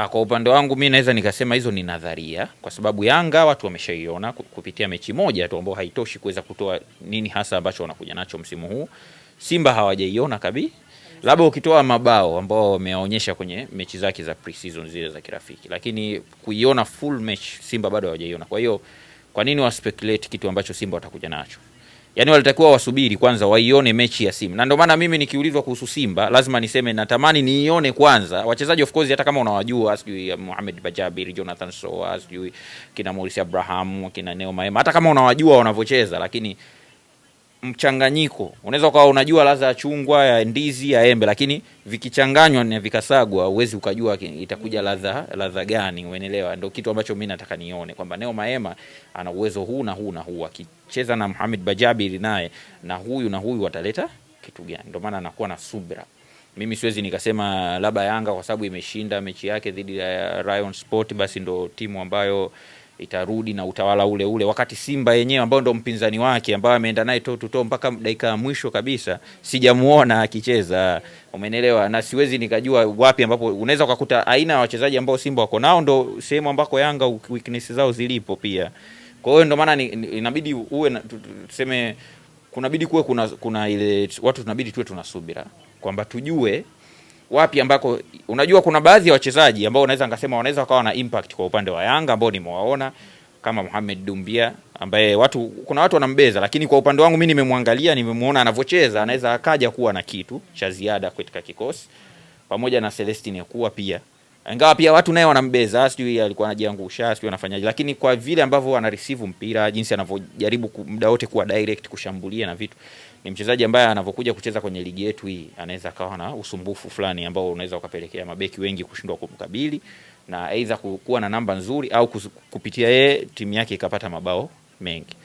Ah, kwa upande wangu mi naweza nikasema hizo ni nadharia, kwa sababu Yanga watu wameshaiona kupitia mechi moja tu ambao haitoshi kuweza kutoa nini hasa ambacho wanakuja nacho msimu huu. Simba hawajaiona kabisa, labda ukitoa mabao ambao wameaonyesha kwenye mechi zake za pre-season zile za kirafiki, lakini kuiona full match Simba bado hawajaiona. Kwa hiyo kwa nini wa speculate kitu ambacho Simba watakuja nacho? yani walitakiwa wasubiri kwanza waione mechi ya Simba, na ndio maana mimi nikiulizwa kuhusu Simba lazima niseme natamani niione kwanza. Wachezaji of course, hata kama unawajua, sijui eh, muhamed Bajabir, Jonathan Soa, sijui kina Morris Abraham, kina Neo Maema, hata kama unawajua wanavyocheza, lakini mchanganyiko, unaweza ukawa unajua ladha ya chungwa, ya ndizi, ya embe, lakini vikichanganywa na vikasagwa uwezi ukajua itakuja ladha ladha gani. Umeelewa? Ndio kitu ambacho mimi nataka nione kwamba Neo Maema ana uwezo huu na huu na huu, akicheza na Mohamed Bajabiri naye na huyu na huyu wataleta kitu gani? Ndio maana anakuwa na subra Mimi siwezi nikasema labda Yanga kwa sababu imeshinda mechi yake dhidi ya Rayon Sport basi ndo timu ambayo itarudi na utawala ule ule, wakati Simba yenyewe ambao ndo mpinzani wake ambao ameenda naye totuto mpaka dakika ya mwisho kabisa sijamuona akicheza, umenelewa? Na siwezi nikajua wapi ambapo unaweza ukakuta aina ya wachezaji ambao Simba wako nao ndo sehemu ambako Yanga weakness zao zilipo pia. Kwa hiyo ndo maana inabidi uwe tuseme, kunabidi kuwe kuna, kuna ile watu tunabidi tuwe tunasubira kwamba tujue wapi ambako unajua kuna baadhi ya wachezaji ambao unaweza ngasema wanaweza wakawa na impact kwa upande wa Yanga ambao nimewaona kama Mohamed Dumbia ambaye watu kuna watu wanambeza, lakini kwa upande wangu mimi nimemwangalia, nimemuona anavyocheza, anaweza akaja kuwa na kitu cha ziada katika kikosi, pamoja na Celestine kuwa pia, ingawa pia watu naye wanambeza, sijui alikuwa anajiangusha, sijui anafanyaje, lakini kwa vile ambavyo ana receive mpira, jinsi anavyojaribu muda wote kuwa direct kushambulia na vitu, ni mchezaji ambaye anavyokuja kucheza kwenye ligi yetu hii anaweza akawa na usumbufu fulani ambao unaweza ukapelekea mabeki wengi kushindwa kumkabili na aidha kuwa na namba nzuri au kupitia yeye timu yake ikapata mabao mengi.